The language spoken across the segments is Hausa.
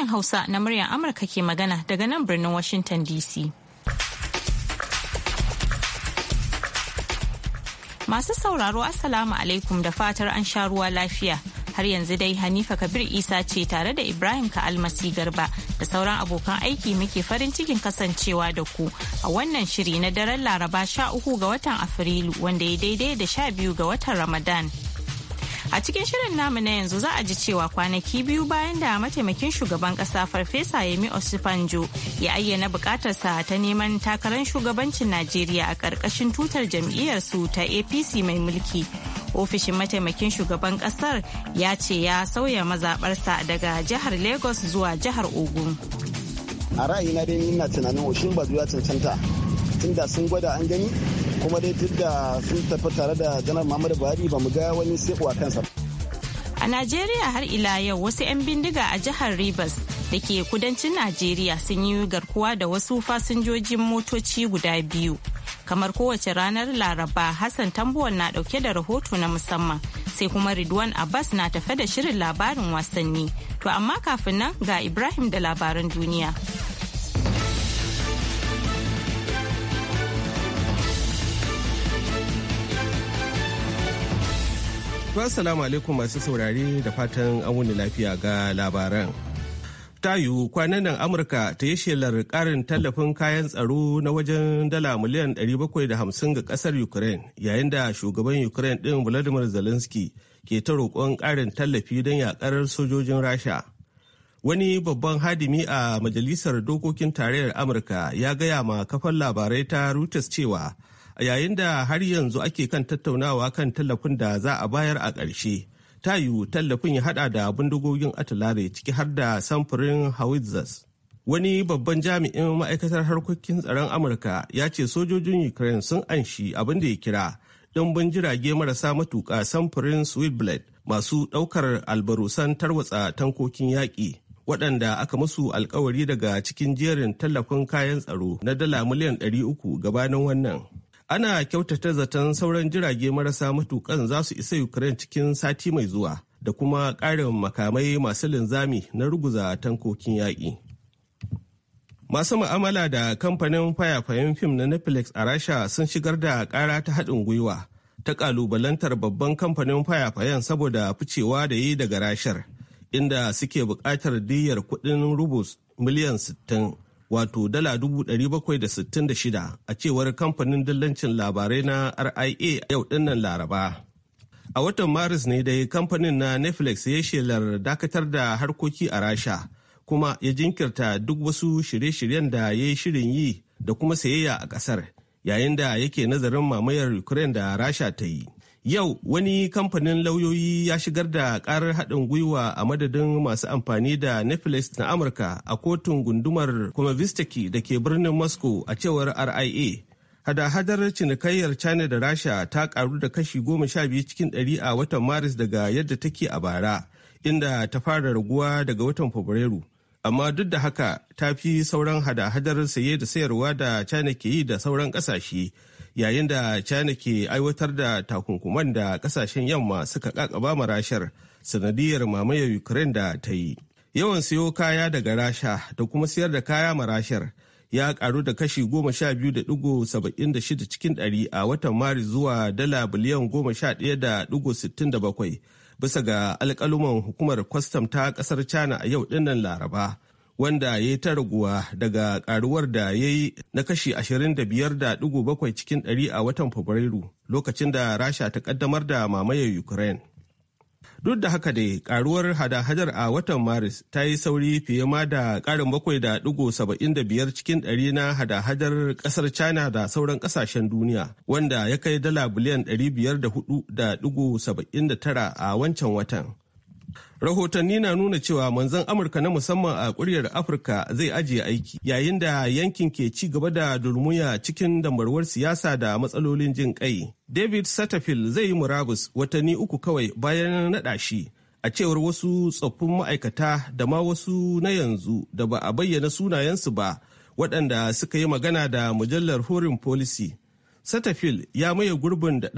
sashen Hausa na muryar Amurka ke magana daga nan birnin Washington DC. Masu sauraro Assalamu alaikum da fatar an sha ruwa lafiya. Har yanzu dai Hanifa Kabir Isa ce tare da Ibrahim Ka'almasi Garba da sauran abokan aiki muke farin cikin kasancewa da ku a wannan shiri na daren Laraba 13 ga watan Afrilu wanda ya daidai da 12 ga watan Ramadan. A cikin shirin namu na yanzu za a ji cewa kwanaki biyu bayan da mataimakin shugaban kasa Farfesa Yemi Osifanjo ya ayyana bukatarsa ta neman takarar shugabancin Najeriya a ƙarƙashin tutar jam'iyyarsu ta APC mai mulki. Ofishin mataimakin shugaban kasar ya ce ya sauya mazaɓarsa daga jihar Lagos zuwa jihar Ogun. A ra'ayina dai ina tunanin Oshin ba zuwa cancanta tunda sun gwada an gani kuma dai tun da sun tafi tare da janar muhammadu buhari ba mu ga wani sebo a kansa a najeriya har ila yau wasu 'yan bindiga a jihar rivers da ke kudancin najeriya sun yi garkuwa da wasu fasinjojin motoci guda biyu kamar kowace ranar laraba hassan tambuwan na dauke da rahoto na musamman sai kuma ridwan abbas na tafe da shirin labarin wasanni to amma kafin nan ga ibrahim da labaran duniya To assalamu alaikum masu saurare da fatan an lafiya ga labaran. Ta yiwu kwanan nan Amurka ta yi shelar karin tallafin kayan tsaro na wajen dala miliyan 750 ga kasar Ukraine yayin da shugaban Ukraine ɗin Vladimir Zelensky ke ta roƙon ƙarin tallafi don yaƙar sojojin Rasha. Wani babban hadimi a Majalisar Dokokin Tarayyar Amurka ya gaya ma kafan labarai ta Reuters cewa a yayin da har yanzu ake kan tattaunawa kan tallafin da za a bayar a ƙarshe ta yiwu tallafin ya hada da bindigogin atilare ciki har da samfurin howitzers wani babban jami'in ma'aikatar harkokin tsaron amurka ya ce sojojin ukraine sun anshi abin da ya kira dimbin jirage marasa matuƙa samfurin blade masu ɗaukar albarusan tarwatsa tankokin yaƙi waɗanda aka musu alkawari daga cikin jerin tallafin kayan tsaro na dala miliyan 300 gabanin wannan ana kyautata zaton sauran jirage marasa matukan za su isa ukraine cikin sati mai zuwa da kuma ƙarin makamai masu linzami na ruguza tankokin yaƙi masu ma'amala da kamfanin fayafayen fim na netflix a rasha sun shigar da ƙara ta haɗin gwiwa ta ƙalubalantar babban kamfanin fayafayen saboda ficewa da yi daga rashar inda suke buƙatar diyyar kuɗin rubus miliyan 60 wato dala 766 a cewar kamfanin dillancin labarai na RIA yau dinnan Laraba. A watan Maris ne dai kamfanin na Netflix ya shelar dakatar da harkoki a Rasha kuma ya jinkirta duk wasu shirye-shiryen da ya yi shirin yi da kuma sayayya a kasar yayin da yake nazarin mamayar Ukraine da Rasha ta yi. Yau wani kamfanin lauyoyi ya shigar da karar haɗin gwiwa a madadin masu amfani da Netflix na Amurka a kotun gundumar kuma vistaki da ke birnin Moscow a cewar RIA. Hada-hadar cinikayyar China da Rasha ta karu da kashi goma sha biyu cikin ɗari a watan Maris daga yadda take a bara, inda ta fara raguwa daga watan Fabrairu. Amma duk da haka ta fi sauran hada-hadar saye da sayarwa da China ke yi da sauran ƙasashe. yayin da china ke aiwatar da takunkuman da kasashen yamma suka kakaba ma rashar sanadiyar mamayar ukraine da ta yi yawan siyo kaya daga rasha da kuma siyar da kaya ma rashar ya karu da kashi 12.76 cikin dari a watan maris zuwa dala biliyan 11.67 bisa ga alkaluman hukumar kwastam ta kasar china a yau dinnan laraba wanda ya yi ta raguwa daga karuwar da ya yi na kashi 25.7 cikin 100 a watan Fabrairu lokacin da Rasha ta kaddamar da mamayar Ukraine. Duk da haka dai karuwar hada-hadar a watan Maris ta yi sauri fiye ma da karin 7.75 cikin 100 na hada-hadar kasar China da sauran kasashen duniya wanda ya kai dala biliyan 504.79 a wancan watan. Rahotanni na nuna cewa manzan Amurka na musamman a kuryar Afirka zai ajiye aiki yayin da yankin ke ci gaba da durmuya cikin damarwar siyasa da matsalolin jin kai. David Satterfield zai yi murabus watanni uku kawai bayan naɗa shi a cewar wasu tsoffin ma'aikata da ma wasu na yanzu da ba a bayyana sunayensu ba waɗanda suka yi magana da mujallar Horin Policy. Satterfield ya maye gurbin da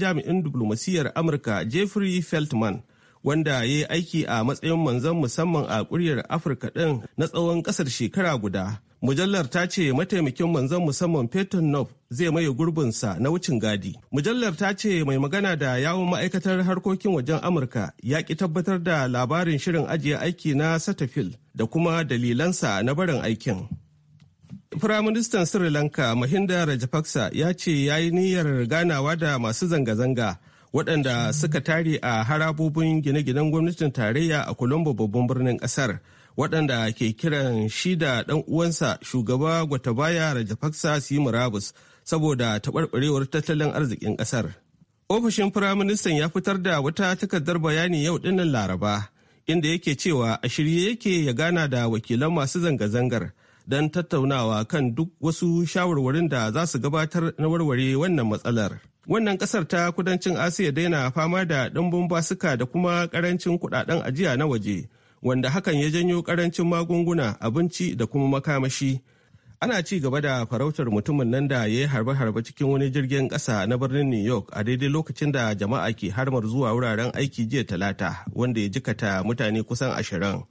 jami'in diplomasiyyar Amurka Jeffrey Feltman. wanda ya yi aiki a matsayin manzon musamman a kuryar afirka ɗin na tsawon ƙasar shekara guda mujallar ta ce mataimakin manzon musamman Peter nov zai maye gurbinsa na wucin gadi. Mujallar ta ce mai magana da yawon ma'aikatar harkokin wajen Amurka ya ki tabbatar da labarin shirin ajiye aiki na Satafil da kuma dalilansa na barin aikin. Firaministan Sri Lanka Mahinda Rajapaksa ya ce ya yi niyyar ganawa da masu zanga-zanga waɗanda suka tare a harabobin gine-ginen gwamnatin tarayya a colombo babban birnin ƙasar waɗanda ke kiran shi da ɗan uwansa shugaba gwatabaya rajafaksa su yi murabus saboda taɓarɓarewar tattalin arzikin ƙasar ofishin firaministan ya fitar da wata takardar bayani yau ɗinnan laraba inda yake cewa a shirye yake ya gana da wakilan masu zanga-zangar don tattaunawa kan duk wasu shawarwarin da za su gabatar na warware wannan matsalar. wannan kasar ta kudancin asiya daina fama da ɗumbun basuka da kuma ƙarancin kuɗaɗen ajiya na waje wanda hakan ya janyo ƙarancin magunguna abinci da kuma makamashi ana ci gaba da farautar mutumin nan da ya yi harbe-harbe cikin wani jirgin ƙasa na birnin new york a daidai lokacin da jama'a ke harmar zuwa wuraren aiki jiya talata wanda ya jikata mutane kusan ashirin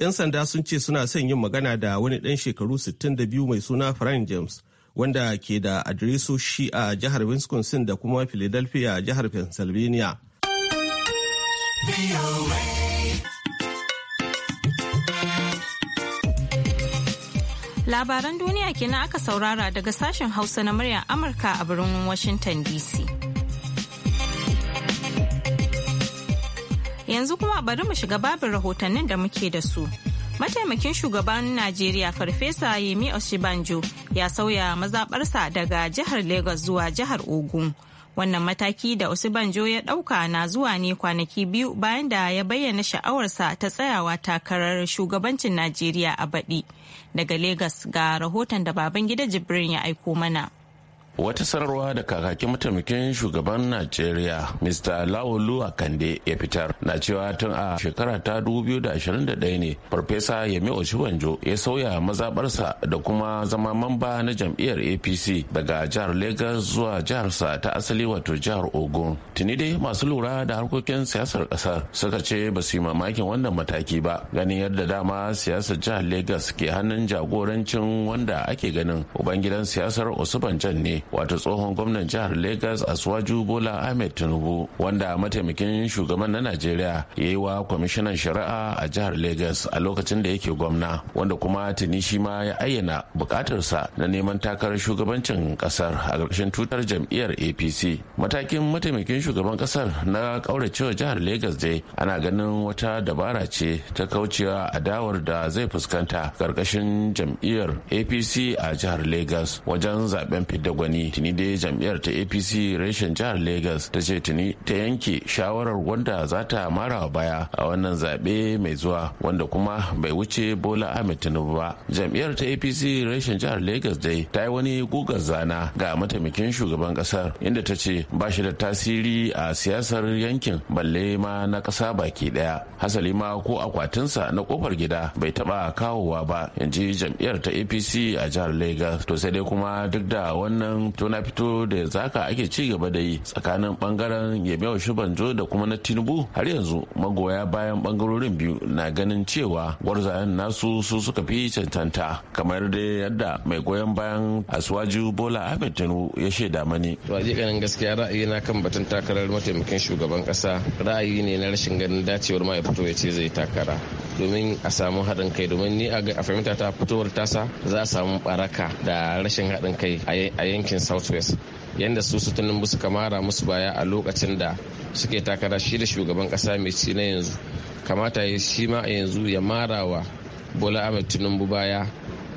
'yan sanda sun ce suna son yin magana da wani ɗan shekaru 62 mai suna frank james wanda ke da adiresoshi a jihar Wisconsin da kuma Philadelphia a jihar Pennsylvania. Labaran duniya kenan aka saurara daga sashen Hausa na muryar Amurka a birnin Washington DC. Yanzu kuma bari mu shiga babin rahotannin da muke da su. mataimakin shugaban najeriya farfesa yemi oshibanjo ya sauya mazabarsa daga jihar lagos zuwa jihar ogun wannan mataki da osibanjo ya ɗauka na zuwa ne kwanaki biyu bayan da ya bayyana sha'awarsa ta tsayawa takarar shugabancin najeriya a baɗi daga lagos ga rahoton da baban gida jibrin ya aiko mana wata sanarwa da kakakin mataimakin shugaban najeriya mr lawolu akande ya fitar na cewa tun a shekara ta 2021 ne farfesa yemi oshibanjo ya sauya mazabarsa da kuma zama mamba na jam'iyyar apc daga jihar lagos zuwa jiharsa ta asali wato jihar ogun tuni dai masu lura da harkokin siyasar kasar suka ce ba su yi mamakin wannan mataki ba ganin yadda dama siyasar jihar lagos ke hannun jagorancin wanda ake ganin ubangidan siyasar osubanjan ne wato tsohon gwamnan jihar Legas Aswaju Bola Ahmed Tinubu wanda mataimakin shugaban na Najeriya ya yi wa kwamishinan shari'a a jihar Legas a lokacin da yake gwamna wanda kuma tuni shi ma ya ayyana bukatarsa na neman takarar shugabancin kasar a ƙarshen tutar jam'iyyar APC. Matakin mataimakin shugaban kasar na kauracewa jihar Legas dai ana ganin wata dabara ce ta kaucewa adawar da zai fuskanta ƙarƙashin jam'iyyar APC a jihar Legas wajen zaben fidda gwani gani tuni dai jam'iyyar ta apc reshen jihar lagos ta ce tuni ta yanke shawarar wanda za ta mara baya a wannan zaɓe mai zuwa wanda kuma bai wuce bola ahmed tinubu ba jam'iyyar ta apc reshen jihar lagos dai ta yi wani gugar zana ga mataimakin shugaban ƙasar, inda ta ce ba shi da tasiri a siyasar yankin balle ma na ƙasa baki ɗaya hasali ma ko akwatinsa na kofar gida bai taɓa kawowa ba in ji jam'iyyar ta apc a jihar lagos to sai dai kuma duk da wannan tuna fito da yanzu haka ake ci gaba da yi tsakanin bangaren yabewa shubanjo da kuma na tinubu har yanzu magoya bayan bangarorin biyu na ganin cewa gwarzayen nasu su suka fi cancanta kamar da yadda mai goyon bayan asuwaju bola ahmed tinubu ya shaida mani. waje-ganin gaskiya ra'ayi na kan batun takarar mataimakin shugaban kasa ra'ayi ne na rashin ganin dacewar ma ya fito ya ce zai takara domin a samu haɗin kai domin ni a fahimta ta fitowar tasa za a samu baraka da rashin haɗin kai a yankin yankin southwest yadda su su tunan musu kamara musu baya a lokacin da suke takara shi da shugaban kasa mai ci na yanzu kamata ya shi ma a yanzu ya mara wa bola ahmed tinubu baya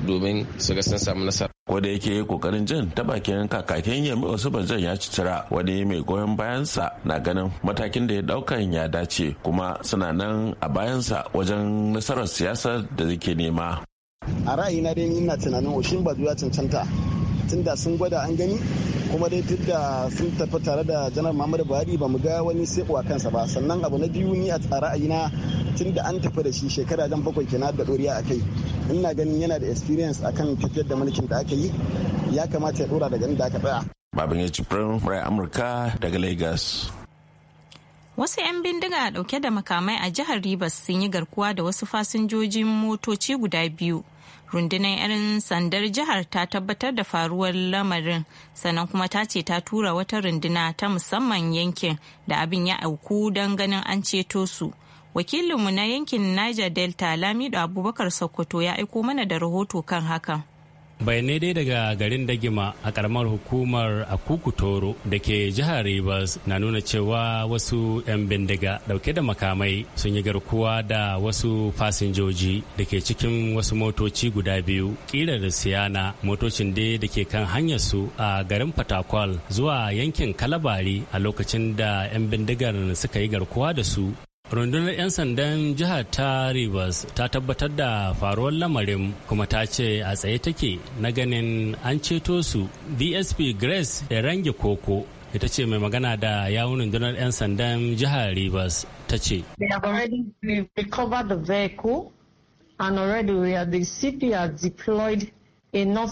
domin su ga sun samu nasara wanda yake kokarin jin ta bakin kakakin yamma wasu banzan ya ci cira wani mai goyon bayansa na ganin matakin da ya daukan ya dace kuma suna nan a bayansa wajen nasarar siyasar da zake nema a ra'ayina dai ina tunanin oshin bazu ya cancanta tunda sun gwada an gani kuma dai tunda sun tafi tare da janar muhammadu buhari ba mu ga wani seko a kansa ba sannan abu na biyu ni a ra'ayina tunda an tafi da shi shekara jan bakwai kenan da doriya a kai ina ganin yana da experience akan tafiyar da mulkin da aka yi ya kamata ya dora daga inda aka tsaya babin ya cifrin amurka daga lagos Wasu 'yan bindiga dauke da makamai a jihar Rivers sun yi garkuwa da wasu fasinjojin motoci guda biyu rundunar 'yan sandar jihar ta tabbatar da faruwar lamarin sannan kuma ta ce ta tura wata runduna ta musamman yankin da abin ya auku don ganin an ceto su wakilinmu na yankin niger delta lamido abubakar sokoto ya aiko mana da rahoto kan hakan bayanai dai daga garin dagima a karamar hukumar akukutoro da ke jihar rivers na nuna cewa wasu 'yan bindiga dauke da makamai sun yi garkuwa da wasu fasinjoji da ke cikin wasu motoci guda biyu kira da siyana motocin dai da ke kan hanyar su a garin fatakwal zuwa yankin kalabari a lokacin da 'yan bindigar suka yi garkuwa da su rundunar 'yan sandan jihar ta rivers ta tabbatar da faruwar lamarin kuma ta ce a tsaye take na ganin an ceto su dsp grace da range koko ita ce mai magana da yawun rundunar 'yan sandan jihar rivers ta ce And already we are, the CP deployed a non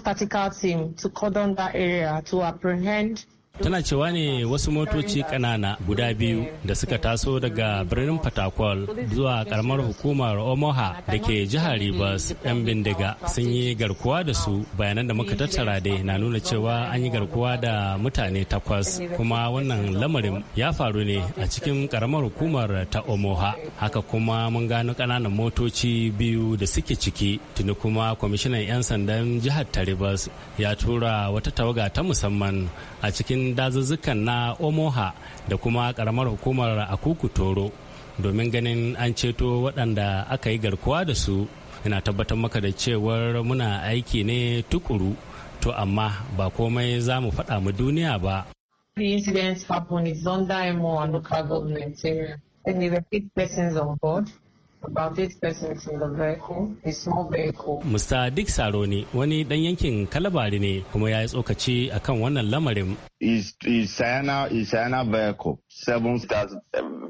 team to cordon that area to apprehend Tana cewa ne wasu motoci ƙanana guda biyu da suka taso daga birnin Fatakwal zuwa karamar hukumar Omaha da ke jihar Ribas 'yan bindiga sun yi garkuwa da su bayanan da muka tattara dai na nuna cewa an yi garkuwa da mutane takwas kuma wannan lamarin ya faru ne a cikin karamar hukumar ta Omaha haka kuma mun gano ƙananan motoci biyu da suke ciki tuni kuma kwamishinan 'yan sandan jihar ta Rivers ya tura wata tawaga ta musamman a cikin dazuzzukan na omoha da kuma karamar hukumar akuku toro domin ganin an ceto waɗanda aka yi garkuwa da su ina tabbatar maka da cewar muna aiki ne tukuru to amma ba komai za mu faɗa mu duniya ba The about in the Mr. Dick Saroni wani ɗan yankin Kalabari ne kuma ya yi tsokaci a kan wannan lamarin. Isana Sayana vehicle, seven stars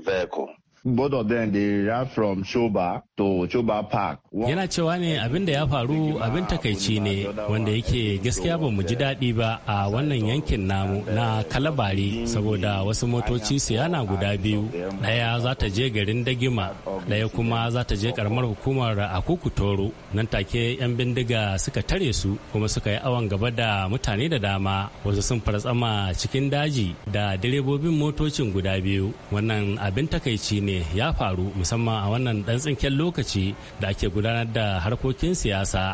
vehicle. Both of them they ran from Shoba to Shoba Park. Yana cewa ne abin da ya faru abin takaici ne wanda yake gaskiya ba mu ji daɗi ba a wannan yankin namu na Kalabari saboda wasu motoci siyana guda biyu ɗaya za ta je garin Dagima ɗaya kuma za ta je karamar hukumar a kukutoro nan take 'yan bindiga suka tare su kuma suka yi awon gaba da mutane da dama wasu sun fartsama cikin daji da direbobin motocin guda biyu wannan abin takaici ne ne ya faru musamman a wannan dan tsinken lokaci da ake gudanar da harkokin siyasa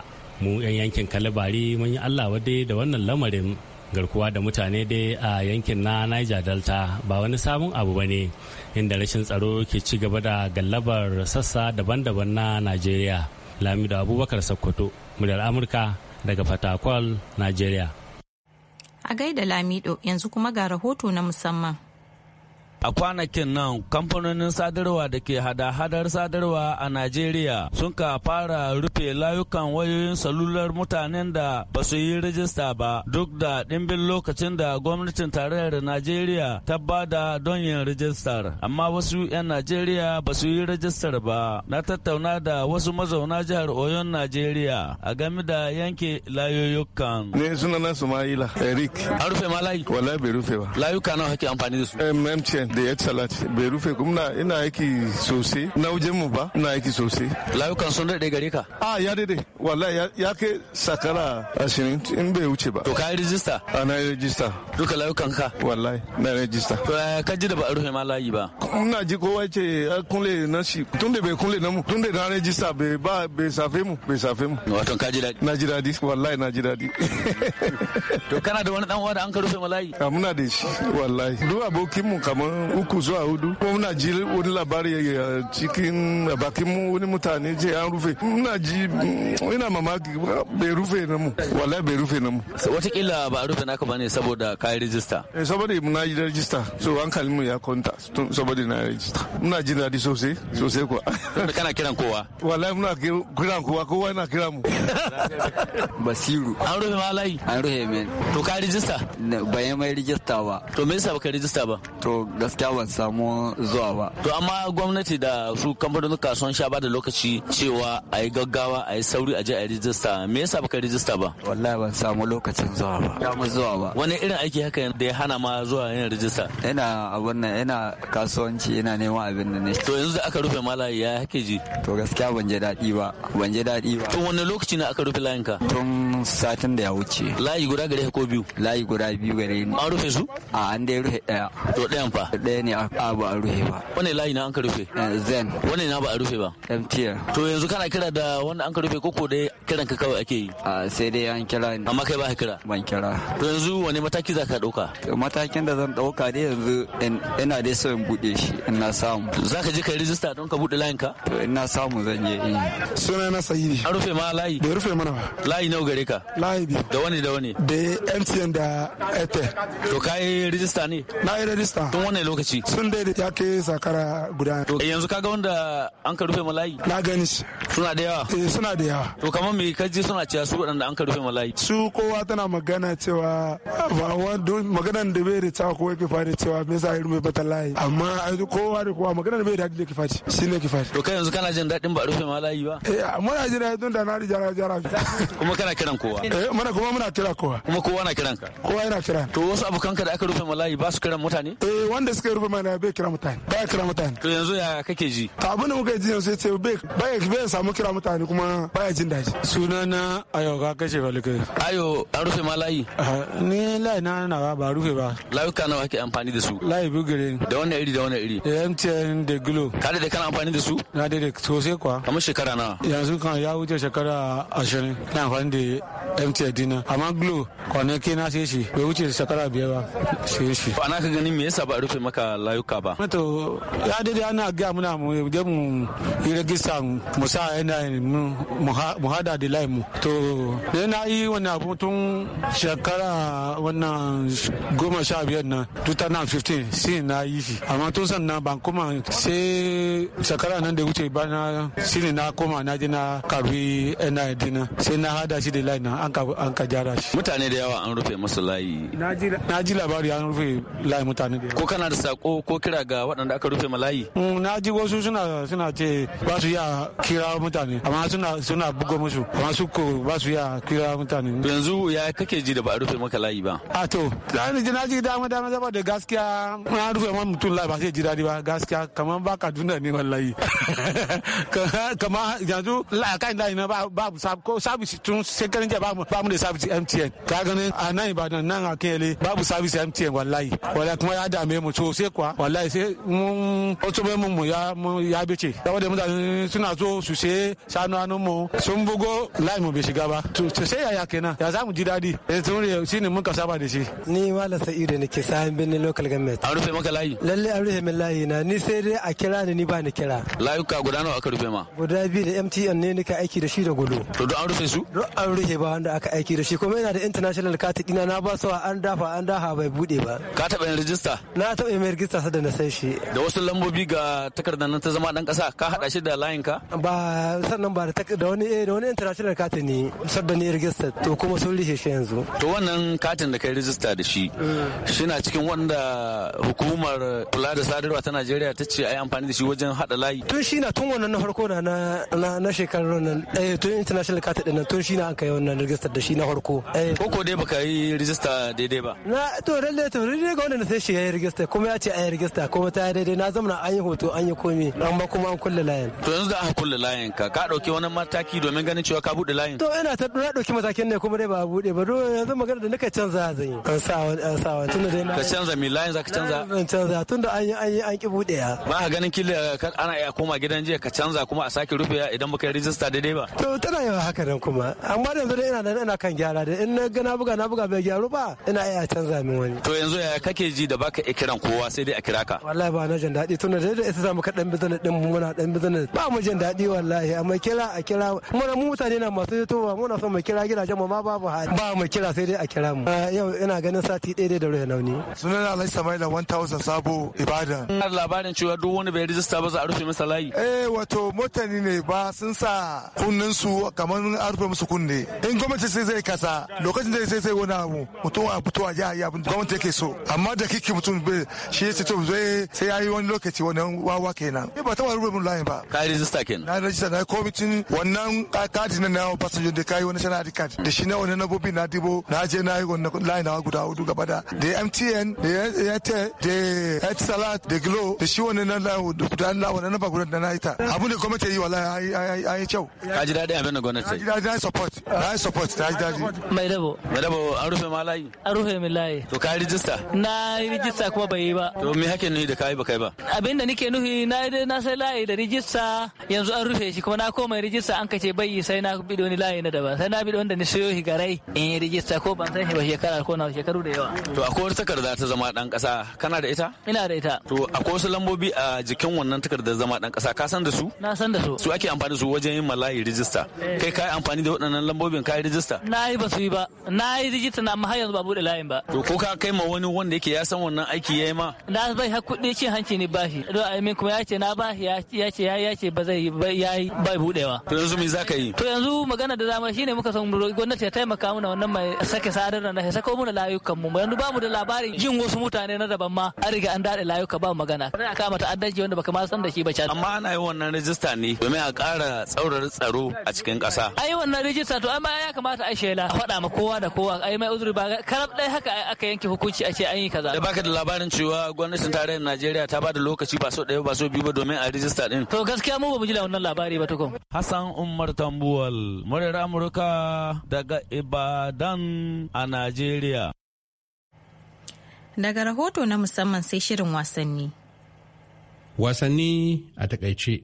mu 'yan yankin kalabari mun yi allah wadai da wannan lamarin garkuwa da mutane dai a yankin na niger delta ba wani sabon abu ba ne inda rashin tsaro ke ci gaba da gallabar sassa daban-daban na nigeria lamido abubakar sokoto muryar amurka daga fatakwal nigeria a gaida lamido yanzu kuma ga rahoto na musamman A kwanakin nan kamfanonin sadarwa da ke hada-hadar sadarwa a Najeriya sun ka fara rufe layukan wayoyin salular mutanen da ba su yi rajista ba duk da ɗimbin lokacin da gwamnatin tarayyar Najeriya ta bada don yin rajistar. Amma wasu 'yan Najeriya ba su yi rajistar ba. Na tattauna da wasu mazauna jihar Oyon Najeriya a game da yanke layoyukan. Ne sunan Sumaila Eric. An rufe ma layi? Wallahi bai rufe ba. Layuka nawa kake amfani da su? MTN. da ya challenge bai rufe kuma ina aiki sosai na wajen mu ba ina aiki sosai layukan sun daɗe gare ka a ah, ya daɗe wallahi ya kai sakara ashirin in bai wuce ba to ka yi rijista a ah, na yi rijista duka layukan ka wallahi na yi rijista to ka ji da ba a rufe ma layi ba ina ji kowa ce ya kunle na shi tun da bai kunle na mu tun da na rijista bai ba bai safe mu bai safe mu wato ka ji daɗi na ji daɗi wallahi na ji daɗi to kana da wani dan uwa da an ka rufe ma layi a ah, muna da shi wallahi duk abokin mu kamar uku zuwa hudu kuma muna ji wani labari eh, ya cikin bakin wani mutane je an rufe muna ji mm, ina mamaki bai rufe na mu wallahi bai rufe na mu watakila ba a rufe naka bane saboda ka yi eh saboda muna yi rijista so an mu ya konta saboda na rijista muna ji daɗi sosai sosai kuwa kana kiran kowa wallahi muna kiran kowa kowa yana kira mu basiru an rufe ma layi an rufe men to ka rijista bayan mai rijista ba to me yasa baka rijista ba to gaskiya ban samu zuwa ba to amma gwamnati da su kamfanonuka sun sha ba da lokaci cewa a yi gaggawa a yi sauri a je a rijista me yasa baka rijista ba wallahi ban samu lokacin zuwa ba mu zuwa ba wani irin aiki haka da ya hana ma zuwa yin rijista ina abun nan ina kasuwanci ina neman abin nan ne to yanzu da aka rufe malayi ya hake ji to gaskiya ban je daɗi ba ban je daɗi ba to wani lokaci ne aka rufe layinka? ka tun satin da ya wuce layi guda gare ko biyu layi guda biyu gare ni an rufe su a an dai rufe ɗaya. to ɗayan fa ɗaya ne a ba a rufe ba Wane layi na an ka rufe eh, zen Wane na ba a rufe ba Mtr. to yanzu kana kira da wanda an ka rufe koko dai kiran ka kawai ake yi a ah, sai dai an kira ni amma kai ba ka kira ban kira to yanzu wani mataki za ka ɗauka matakin da zan ɗauka dai yanzu ina dai so in buɗe shi in na samu za ka je ka rijista don ka buɗe layin ka to in na samu zan je suna na sayi ne an rufe ma layi bai rufe mana ba layi nawa gare ka layi biyu da wani da wani da mtn da airtel to ka yi rijista ne na yi rijista tun wani lokaci sun daidai ya kai sakara guda eh, yanzu kaga wanda an ka rufe malayi na gani shi suna da yawa eh suna da yawa to kamar me ji suna cewa su waɗanda an ka rufe malayi su kowa tana magana cewa ba wanda magana da bai da ta kowa ke fara cewa me yasa irin mai bata layi amma kowa da kowa magana da bai da hadin da ke faci ne ke faci to kai yanzu kana jin daɗin ba rufe malayi ba eh muna jin daɗin da na da jara jara kuma kana kiran kowa eh mana kuma muna kira kowa kuma kowa na kiran ka kowa yana kira to wasu abokan ka da aka rufe malayi ba su kiran mutane eh wanda suka rufe mana bai kira mutane bai kira mutane to yanzu ya kake ji to abin da muka ji yanzu yace bai bai bai samu kira mutane kuma bai jin daji sunana ayo ga kashe balike ayo an rufe ma layi ni layi na na ba rufe ba layuka nawa kake amfani da su layi biyu gare da wannan iri da wannan iri da MTN da Glo ka da kana amfani da su na da da sosai kwa kamar shekara na yanzu kan ya wuce shekara 20 na amfani da MTN dina amma Glo kwanaki na sai shi bai wuce shekara biyar ba sai shi ana ka ganin me yasa ba rufe maka layuka ba Mato ya dai ana gaya muna mu je mu yi rajista mu sa yana mu hada da layi mu to da na yi wani abu tun shekara wannan goma sha biyar na 2015 sai na yi shi amma tun sannan ban kuma sai shekara nan da wuce ba na shi na koma na je na karbi yana dina sai na hada shi da layi na an ka jara shi mutane da yawa an rufe masu layi na ji labari an rufe layi mutane da yawa ko kana da sako ko kira ga waɗanda aka rufe malayi mm, na ji wasu suna suna ce ba su ya kira mutane amma suna suna bugo musu amma su ko ba su ya kira mutane yanzu ya kake ji da ba a rufe maka layi ba a to na ji na ji dama dama zaba da gaskiya na rufe ma mutum layi ba sai ji daɗi ba gaskiya kamar ba ka duna ne wallahi kamar yanzu kan layi na ba ko sabu tun shekarun jiya ba mu da sabis mtn ka ganin a nan ibadan nan a kenyele babu sabu mtn wallahi wala kuma ya dame mu sosai kuwa wallahi sai mun wasu bai mu ya mu ya bice saboda mutane suna zo su sai sanu hannun mu sun bugo lai mu bai shiga ba to to sai yaya kenan ya za mu ji daɗi eh, shi ne mun ka saba da shi ni malam sa'idu nake ke sahin birnin local government a rufe maka layi lalle an rufe min layi na ni sai dai a kira ni ba ni kira layuka guda nawa aka rufe ma guda biyu da MTN ne nake aiki da shi da gudu to duk an rufe su duk an rufe ba wanda aka aiki da shi kuma yana da international card dina na ba su an dafa an dafa bai bude ba ka taba yin register na taɓa taɓa mayar gista da na san shi da wasu lambobi ga takardar nan ta zama dan kasa ka hada shi da layin ka ba sannan ba da wani eh, da wani international katin ne sabda ne register to kuma sun rishe shi yanzu to wannan katin da kai register da shi mm. shina cikin wanda hukumar kula da sadarwa ta Najeriya ta ce ai amfani da shi wajen hada layi tun shi na tun wannan na farko na na na shekarar nan eh tun international katin din nan tun shi na an kai wannan register da shi na farko eh ko ko dai baka yi register daidai ba na to rallai to rallai ga wanda sai shi ya register kuma ya ce an yi rigista kuma ta daidai na zamana an yi hoto an yi komi ba kuma an kulle layin. To yanzu da an kulle layin ka ka ɗauki wani mataki domin ganin cewa ka buɗe layin. To ina ta na ɗauki matakin ne kuma dai ba buɗe ba don yanzu magana da nika canza zan yi. An sa wani an sa wani tunda dai na. Ka canza mi layin za ka canza. an canza tunda an yi an yi an ki buɗe ya. Ba a ganin kila ana iya koma gidan jiya ka canza kuma a sake rufe idan baka yi rijista daidai ba. To tana yawa haka nan kuma amma yanzu dai ina nan ina kan gyara da in na ga na buga na buga bai gyaru ba ina iya canza min wani. To yanzu yaya kake ji da baka ikiran kowa sai dai a kira ka wallahi ba na jin daɗi tun da dai sai mu ka dan bizana din muna dan bizana ba mu jin daɗi wallahi amma kira a kira muna mu mutane na masu fitowa muna son mu kira gidajen mu ma babu hali ba mu kira sai dai a kira mu ah, yau ina ganin sati ɗaya da ruwa nauni sunan Alhaji Samai da 1000 sabo Ibadan labarin cewa duk wani bai rijista ba za a rufe masa layi eh wato mutane ne ba sun sa kunnen su kamar an rufe musu kunne in gwamnati sai zai kasa lokacin da sai sai wani abu mutum a fito a ji abin gwamnati yake so amma da kike mutum bai shi ya ce to zai sai ya yi wani lokaci wannan wawa kenan ni ba taba rubuta mun layin ba ka register kenan na register na komitin wannan kadi na na passenger da kai sanadi card da shi na wannan nabobi na dibo na je na yi wannan layin na guda hudu gaba da da MTN da Airtel da Etisalat da Glo da shi wannan na guda na wannan na ba guda na ita da gwamnati yi wallahi ai kyau ka ji daɗi abin da gwamnati ka ji daɗi na support na support na ji daɗi mai dabo mai dabo an rufe ma layi an rufe layi to ka register na register kuma bai yi ba. To me hake ni da kai ba kai ba? Abin da nake nuhi na yi na sai layi da rijista yanzu an rufe shi kuma na koma rijista an kace bai sai na bi ni layi na daban sai na bi wanda ni sayo shi garai in yi rijista ko ban san shi ba shekara ko na shekaru da yawa. To akwai wata takarda ta zama dan kasa kana da ita? Ina da ita. To akwai wasu lambobi a jikin wannan takardar zama dan kasa ka san da su? Na san da su. Su ake amfani da su wajen yin malayi rijista. Eh. Kai ka yi amfani da waɗannan lambobin ka yi rijista? Na yi ba su yi ba. Na yi rijista na amma har yanzu ba bude layin ba. To ko ka kai ma wani wanda yake ya san wannan aiki ya yi ma na bai ha kuɗi cin hanci ne ba shi don min kuma ya ce na ba shi ya ce ya ce ba zai ya yi bai budewa to yanzu me zaka yi to yanzu magana da zama shine muka son gwamnati ta taimaka mana wannan mai sake sadar da na sako mana layukan mu yanzu ba mu da labarin jin wasu mutane na daban ma an riga an dade layuka ba magana ka kama addaji wanda baka ma san da shi ba can amma ana yi wannan rijista ne domin a ƙara tsaurar tsaro a cikin ƙasa ai wannan rijista to amma ya kamata a shela a faɗa ma kowa da kowa ai mai uzuri ba karab dai haka aka yanke hukunci a ce an yi kaza da baka da labarin ciwo cewa gwamnatin tarayyar Najeriya ta ba da lokaci ba so ɗaya ba so biyu ba domin a rijista ɗin. To gaskiya mu ba mu ji wannan labari ba tukun. Hassan Umar Tambuwal, muryar Amurka daga Ibadan a Najeriya. Daga rahoto na musamman sai shirin wasanni. Wasanni a takaice.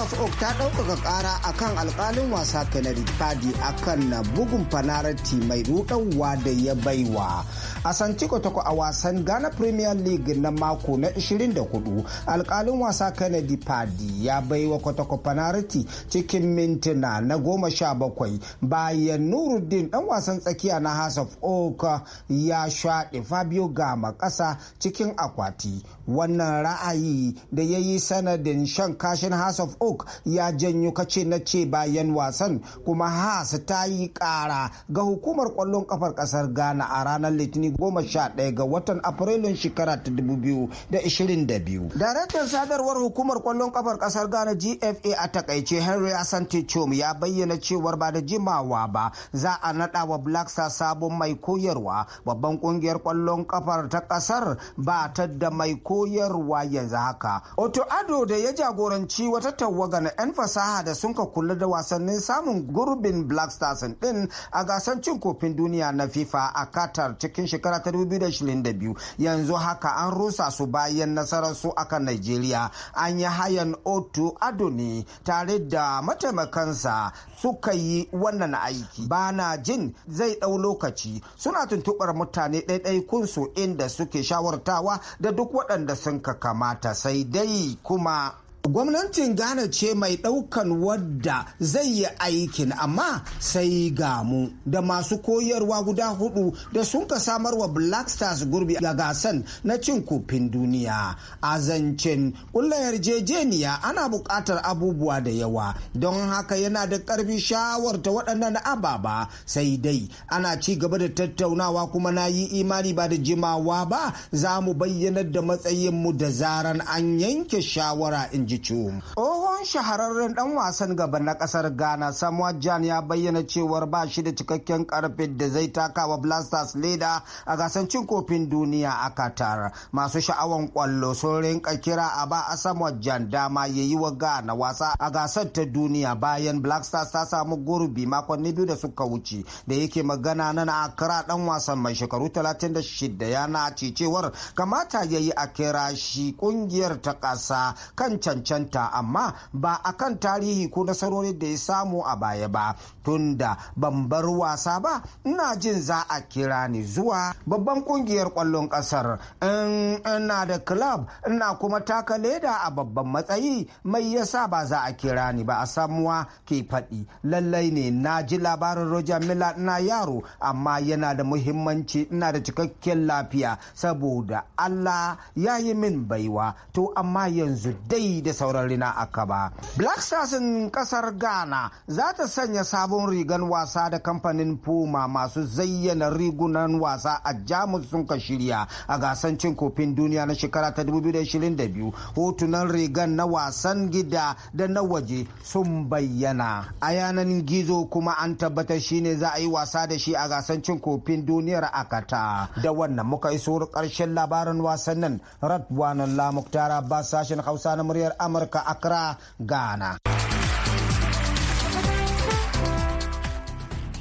of oak ta ɗaukaka ƙara kan alƙalin wasa kennedy fadi akan bugun fanarati mai ruɗauwa da ya baiwa a ciko tako a wasan ghana premier league na mako na 24 alkalin wasa kennedy padi ya baiwa kwatako fanariti cikin mintuna na goma sha bakwai bayan nuruddin dan wasan tsakiya na house of oak ya shaɗe fabio gama ƙasa cikin akwati wannan ra'ayi da ya yi sanadin shan kashin house of oak ya janyo kace na ce bayan wasan kuma haas ta yi ƙara ga hukumar ƙwallon ƙafar ƙasar ghana a ranar litinin goma sha ɗaya ga watan Afrilun shekara ta dubu biyu da ishirin da biyu. Daraktan sadarwar hukumar kwallon kafar kasar Ghana GFA a takaice Henry Asante Chom ya bayyana cewar ba da jimawa ba za a naɗa wa Black Star sabon mai koyarwa babban ƙungiyar kwallon kafar ta ƙasar ba ta da mai koyarwa yanzu haka. Oto Ado da ya jagoranci wata tawaga na 'yan fasaha da sun ka kula da wasannin samun gurbin Black Stars din a gasar cin kofin duniya na FIFA a katar cikin shekara shekara ta 2022 yanzu haka an rusa su bayan nasarar su a kan Najeriya an yi hayan Otu Adoni tare da mataimakansa suka yi wannan aiki bana jin zai ɗau lokaci suna tuntuɓar mutane ɗaiɗaikunsu inda suke shawartawa da duk waɗanda sun ka kamata sai dai kuma Gwamnatin Ghana ce mai ɗaukan wadda zai yi aikin amma sai ga mu da masu koyarwa guda hudu da sun ka wa Black Stars gurbi ga gasan na cin kofin duniya. A zancen kulla yarjejeniya ana buƙatar abubuwa da yawa don haka yana da ƙarfi ta waɗannan ababa sai dai ana ci gaba da tattaunawa kuma na yi imani ba da jimawa ba za mu bayyanar da matsayin mu da zaran an yanke shawara in Gichu. Tsohon shahararren dan wasan gaba na kasar Ghana Samuel Jan ya bayyana cewar ba shi da cikakken karfe da zai taka wa Blasters leda a gasar cin kofin duniya a Qatar. Masu sha'awan kwallo sun rinka kira a ba a Samuel Jan dama ya yi wa Ghana wasa a gasar ta duniya bayan Blasters ta samu gurbi makonni biyu da suka wuce da yake magana nan a kira dan wasan mai shekaru 36 ya na cewar kamata ya yi a kira shi kungiyar ta kasa kan can cancanta amma ba a kan tarihi ko nasarorin da ya samu a baya ba tunda ban bar wasa ba ina jin za a kira ni zuwa babban kungiyar kwallon kasar in ina da club ina kuma taka leda a babban matsayi mai yasa ba za a kira ni ba a samuwa ke faɗi lallai ne na ji labarin roger miller na yaro amma yana da muhimmanci ina da cikakken lafiya saboda allah ya yi min baiwa to amma yanzu dai da rage sauran rina aka ba. Black Stars kasar Ghana za ta sanya sabon rigan wasa da kamfanin Puma masu zayyana rigunan wasa a Jamus sun ka shirya a gasan cin kofin duniya na shekara ta 2022. Hotunan rigan na wasan gida da na waje sun bayyana. A yanan gizo kuma an tabbatar shine za a yi wasa da shi a gasan cin kofin duniyar a Qatar. Da wannan muka iso karshen labarin wasannin Radwanan Lamuktara ba sashen Hausa na muryar Amurka Accra, Ghana.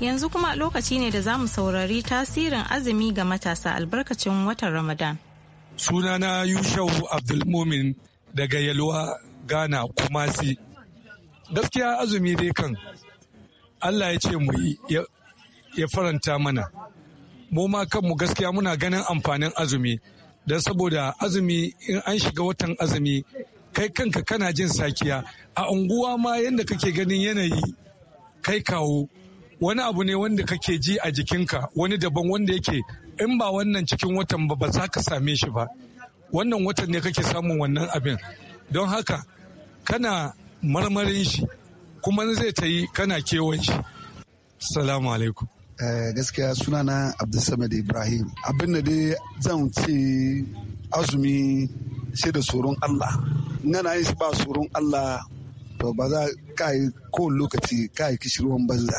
Yanzu kuma lokaci ne da za mu saurari tasirin azumi ga matasa albarkacin watan Ramadan. Sunana Yushau Abdulmumin daga Yalwa, Ghana, Kumasi. Gaskiya azumi dai kan Allah ya ce mu ya faranta mana. Mu ma kanmu gaskiya muna ganin amfanin azumi. don saboda azumi in an shiga watan azumi kai kanka kana jin sakiya a unguwa ma yadda kake ganin yanayi kai kawo wani abu ne wanda kake ji a jikinka wani daban wanda yake in ba wannan cikin watan ba ba za ka same shi ba wannan watan ne kake samun wannan abin don haka kana marmarin shi kuma zai ta yi kana kewan shi salamu alaikum eh, gaskiya sunana abdulsamad ibrahim abin da dai zan ce azumi sai da tsoron allah nana yin ba tsoron Allah to ba za ka yi ko lokaci ka yi kishirwan banza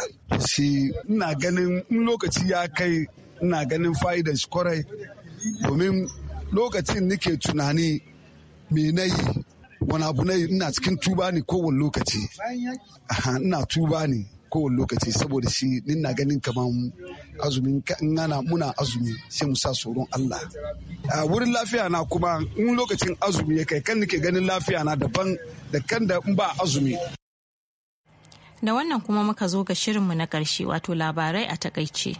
shi ina ganin in lokaci ya kai ina ganin fa'idan shi kwarai domin lokacin nake tunani me na yi wani abu na yi ina cikin tuba ne kowane lokaci ina tuba ne kowane lokaci saboda shi nina na ganin kaman azumin ana muna azumi sai mu sa tsoron Allah a wurin lafiya na kuma in lokacin azumi ya kai kan nake ganin lafiya na daban da kan da ba azumi da wannan kuma muka zo ga shirinmu na ƙarshe wato labarai a takaice.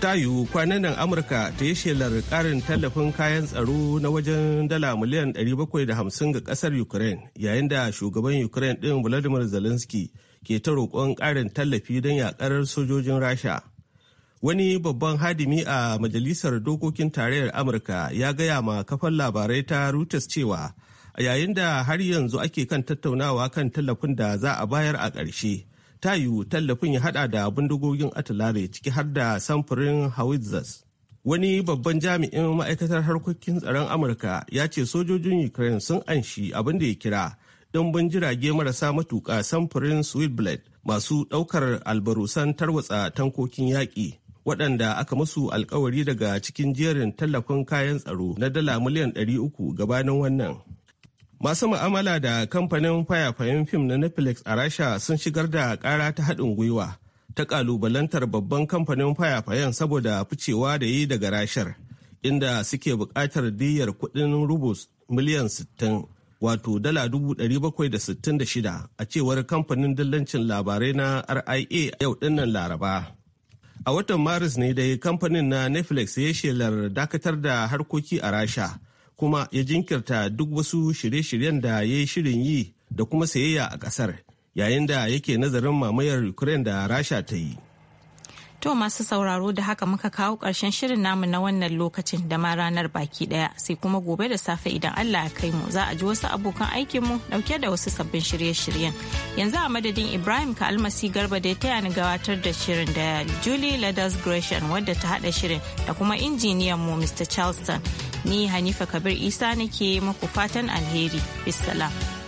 ta kwananin kwanan nan amurka ta yi shelar karin tallafin kayan tsaro na wajen dala miliyan 750 ga kasar ukraine yayin da shugaban ukraine din vladimir zelensky ke ta roƙon karin tallafi don yakar sojojin rasha wani babban hadimi a majalisar dokokin tarayyar amurka ya gaya ma kafan labarai ta reuters cewa a yayin da har yanzu ake kan tattaunawa kan tallafin da za a bayar a ƙarshe ta yiwu tallafin ya hada da bindigogin atilare ciki har da samfurin howitzers wani babban jami'in ma'aikatar harkokin tsaron amurka ya ce sojojin ukraine sun anshi abin da ya kira dimbin jirage marasa matuka samfurin blade masu ɗaukar albarusan tarwatsa tankokin yaƙi waɗanda aka musu alkawari daga cikin jerin tallafin kayan tsaro na dala miliyan 300 gabanin wannan masu ma'amala da kamfanin fayafayen fim na netflix a rasha sun shigar da kara ta haɗin gwiwa ta ƙalubalantar babban kamfanin fayafayen saboda ficewa da yi daga rashar inda suke buƙatar diyar kuɗin rubus miliyan 60 wato dala 766 a cewar kamfanin dillancin labarai na ria yau dinnan laraba a watan maris ne dai kamfanin na netflix ya shelar dakatar da harkoki a rasha kuma ya jinkirta duk wasu shirye-shiryen da ya yi shirin yi da kuma sayayya a kasar yayin da yake nazarin mamayar ukraine da rasha ta yi to masu sauraro da haka muka kawo ƙarshen shirin namu na wannan lokacin da ma ranar baki daya sai kuma gobe da safe idan allah ya kai mu za a ji wasu abokan aikinmu dauke da wasu sabbin shirye-shiryen yanzu a madadin ibrahim ka almasi garba da ya taya ni gabatar da shirin da julie ladas gresham wadda ta hada shirin da kuma injiniyan mu mr charleston Ni Hanifa Kabir Isa nake muku fatan alheri. Bisalam.